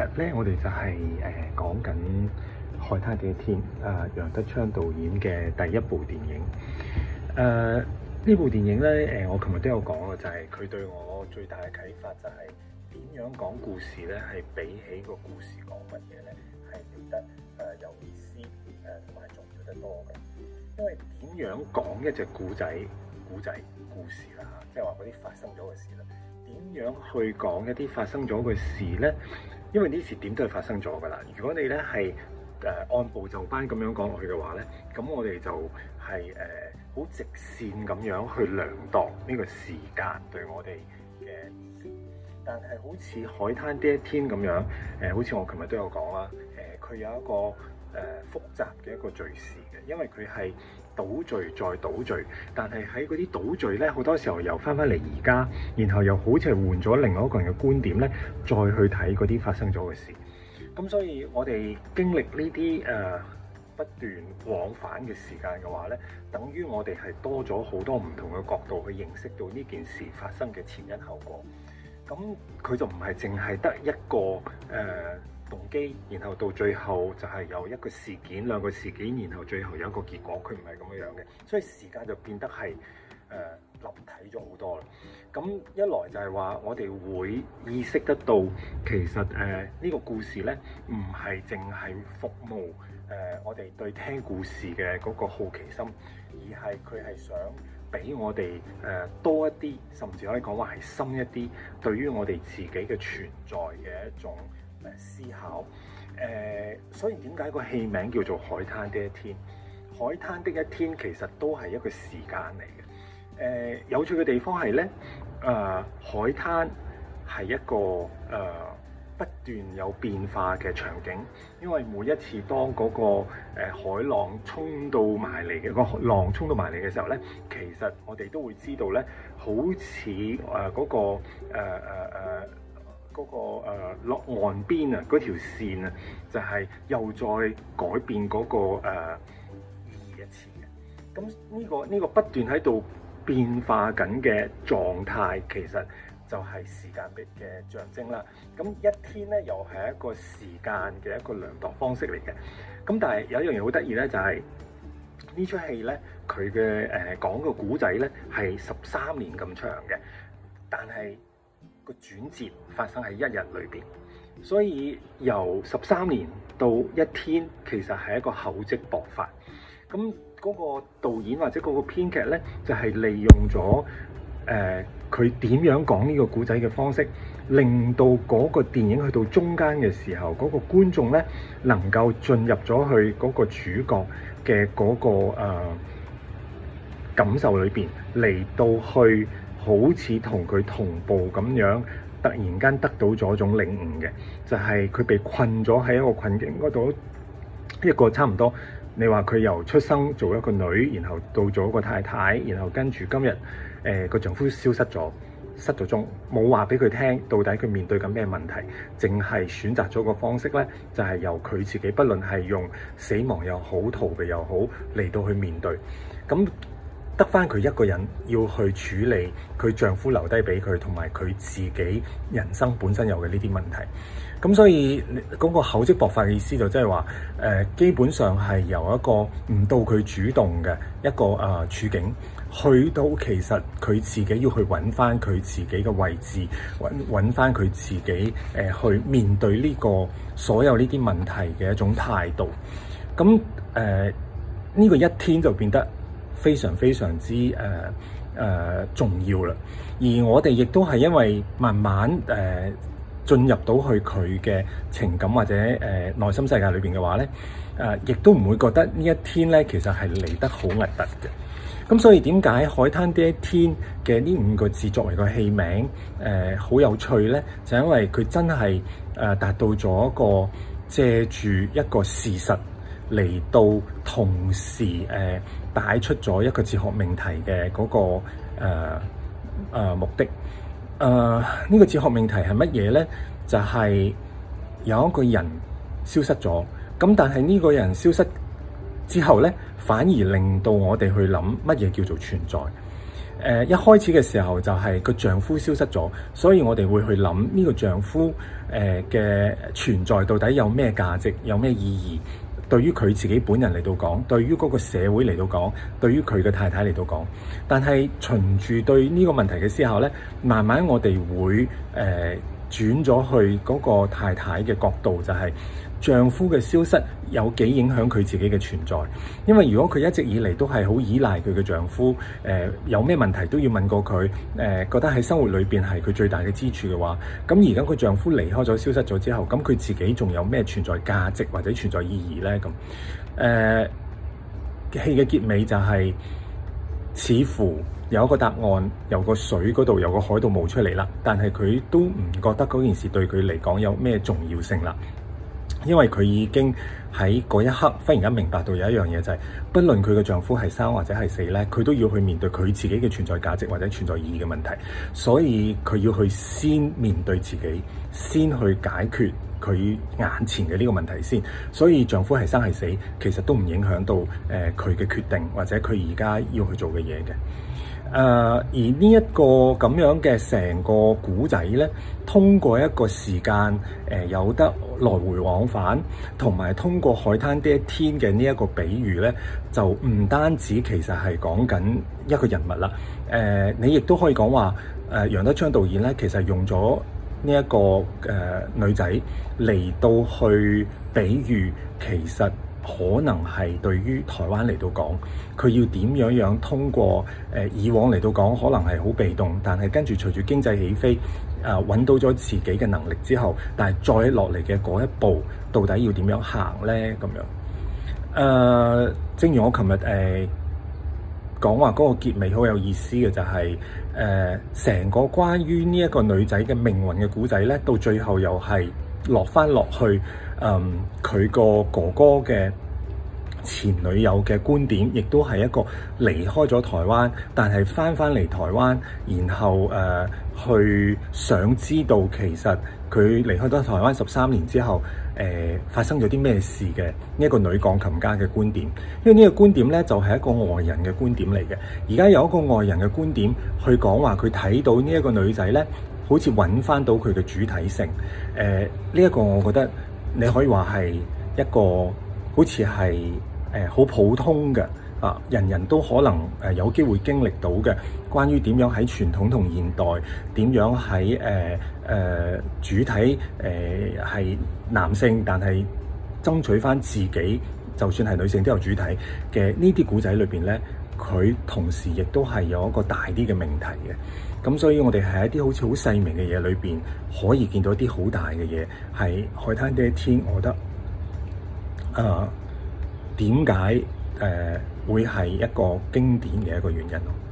今日咧，我哋就係、是、誒、呃、講緊海灘嘅一天，啊。楊、呃、德昌導演嘅第一部電影。誒、呃、呢部電影咧，誒、呃、我琴日都有講嘅，就係、是、佢對我最大嘅啟發就係、是、點樣講故事咧，係比起個故事講乜嘢咧，係變得誒、呃啊、有意思誒同埋重要得多嘅。因為點樣講一隻故仔、故仔故事啦、啊，即係話嗰啲發生咗嘅事啦，點樣去講一啲發生咗嘅事咧？因為呢次點都係發生咗㗎啦，如果你咧係誒按部就班咁樣講落去嘅話咧，咁我哋就係誒好直線咁樣去量度呢個時間對我哋嘅意思，但係好似海灘的一天咁樣，誒，好似我琴日都有講啦，誒，佢有一個。誒、呃、複雜嘅一個敘事嘅，因為佢係倒敘再倒敘，但係喺嗰啲倒敘咧，好多時候又返返嚟而家，然後又好似係換咗另外一個人嘅觀點咧，再去睇嗰啲發生咗嘅事。咁所以，我哋經歷呢啲誒不斷往返嘅時間嘅話咧，等於我哋係多咗好多唔同嘅角度去認識到呢件事發生嘅前因後果。咁佢就唔係淨係得一個誒、呃動機，然後到最後就係有一個事件，兩個事件，然後最後有一個結果。佢唔係咁樣樣嘅，所以時間就變得係誒、呃、立體咗好多啦。咁一來就係話，我哋會意識得到其實誒呢、呃呢個故事咧，唔係淨係服務誒、呃、我哋對聽故事嘅嗰個好奇心，而係佢係想俾我哋誒、呃、多一啲，甚至可以講話係深一啲，對於我哋自己嘅存在嘅一種。思考，誒、呃，所以點解個戲名叫做《海灘的一天》？《海灘的一天》其實都係一個時間嚟嘅。誒、呃、有趣嘅地方係咧，啊、呃，海灘係一個誒、呃、不斷有變化嘅場景，因為每一次當嗰、那個、呃、海浪沖到埋嚟嘅個浪沖到埋嚟嘅時候咧，其實我哋都會知道咧，好似誒嗰個誒誒、呃呃呃嗰、那個落、呃、岸邊啊，嗰條線啊，就係、是、又再改變嗰、那個意、呃、二一次嘅。咁呢、這個呢、這個不斷喺度變化緊嘅狀態，其實就係時間嘅象徵啦。咁一天咧，又係一個時間嘅一個量度方式嚟嘅。咁但係有一樣嘢好得意咧，就係、是、呢出戲咧，佢嘅誒講個古仔咧係十三年咁長嘅，但係，轉折發生喺一日裏邊，所以由十三年到一天，其實係一個厚積薄發。咁嗰個導演或者嗰個編劇咧，就係、是、利用咗誒佢點樣講呢個古仔嘅方式，令到嗰個電影去到中間嘅時候，嗰、那個觀眾咧能夠進入咗去嗰個主角嘅嗰、那個誒、呃、感受裏邊，嚟到去。好似同佢同步咁樣，突然間得到咗一種領悟嘅，就係佢被困咗喺一個困境嗰度，一個差唔多。你話佢由出生做一個女，然後到咗一個太太，然後跟住今日誒個丈夫消失咗，失咗蹤，冇話俾佢聽，到底佢面對緊咩問題，淨係選擇咗個方式呢，就係由佢自己，不論係用死亡又好，逃避又好，嚟到去面對，咁。得翻佢一個人要去處理佢丈夫留低俾佢同埋佢自己人生本身有嘅呢啲問題，咁所以嗰個厚積薄發嘅意思就即係話，誒基本上係由一個唔到佢主動嘅一個啊處境，去到其實佢自己要去揾翻佢自己嘅位置，揾揾翻佢自己誒去面對呢個所有呢啲問題嘅一種態度，咁誒呢個一天就變得，非常非常之誒誒、呃呃、重要啦，而我哋亦都係因為慢慢誒進、呃、入到去佢嘅情感或者誒內、呃、心世界裏邊嘅話咧，誒、呃、亦都唔會覺得呢一天咧其實係嚟得好核突嘅。咁所以點解海灘的一天嘅呢五個字作為個戲名誒好、呃、有趣咧？就因為佢真係誒、呃、達到咗一個借住一個事實嚟到同時誒，呃帶出咗一個哲學命題嘅嗰、那個誒目的。誒、呃、呢、呃這個哲學命題係乜嘢呢？就係、是、有一個人消失咗，咁但係呢個人消失之後呢，反而令到我哋去諗乜嘢叫做存在。誒、呃、一開始嘅時候就係個丈夫消失咗，所以我哋會去諗呢個丈夫誒嘅、呃、存在到底有咩價值，有咩意義。對於佢自己本人嚟到講，對於嗰個社會嚟到講，對於佢嘅太太嚟到講，但係循住對呢個問題嘅思考呢，慢慢我哋會誒轉咗去嗰個太太嘅角度，就係。丈夫嘅消失有幾影響佢自己嘅存在？因為如果佢一直以嚟都係好依賴佢嘅丈夫，誒、呃、有咩問題都要問過佢，誒、呃、覺得喺生活裏邊係佢最大嘅支柱嘅話，咁而家佢丈夫離開咗、消失咗之後，咁佢自己仲有咩存在價值或者存在意義咧？咁誒戲嘅結尾就係似乎有一個答案，由個水嗰度、由個海嗰度冒出嚟啦，但係佢都唔覺得嗰件事對佢嚟講有咩重要性啦。因為佢已經喺嗰一刻忽然間明白到有一樣嘢，就係不論佢嘅丈夫係生或者係死咧，佢都要去面對佢自己嘅存在價值或者存在意義嘅問題。所以佢要去先面對自己，先去解決佢眼前嘅呢個問題先。所以丈夫係生係死，其實都唔影響到誒佢嘅決定或者佢而家要去做嘅嘢嘅。誒、呃、而、這個、呢一個咁樣嘅成個古仔呢，通過一個時間誒、呃、有得來回往返，同埋通過海灘的一天嘅呢一個比喻呢，就唔單止其實係講緊一個人物啦。誒、呃，你亦都可以講話誒，楊德昌導演呢，其實用咗呢一個誒、呃、女仔嚟到去比喻其實。可能係對於台灣嚟到講，佢要點樣樣通過？誒、呃、以往嚟到講，可能係好被動，但係跟住隨住經濟起飛，誒、呃、搵到咗自己嘅能力之後，但係再落嚟嘅嗰一步，到底要點樣行呢？咁樣誒、呃，正如我琴日誒講話嗰個結尾好有意思嘅、就係，就係誒成個關於呢一個女仔嘅命運嘅故仔呢，到最後又係。落翻落去，嗯，佢個哥哥嘅前女友嘅觀點，亦都係一個離開咗台灣，但係翻翻嚟台灣，然後誒、呃、去想知道其實佢離開咗台灣十三年之後，誒、呃、發生咗啲咩事嘅呢一個女鋼琴家嘅觀點。因為呢個觀點呢就係、是、一個外人嘅觀點嚟嘅。而家有一個外人嘅觀點去講話，佢睇到呢一個女仔呢。好似揾翻到佢嘅主體性，誒呢一個我覺得你可以話係一個好似係誒好普通嘅啊，人人都可能誒、呃、有機會經歷到嘅，關於點樣喺傳統同現代，點樣喺誒誒主體誒係、呃、男性，但係爭取翻自己，就算係女性都有主體嘅呢啲古仔裏邊咧。佢同時亦都係有一個大啲嘅命題嘅，咁所以我哋喺一啲好似好細微嘅嘢裏邊，可以見到一啲好大嘅嘢。喺海灘的一天，我覺得啊，點解誒會係一個經典嘅一個原因？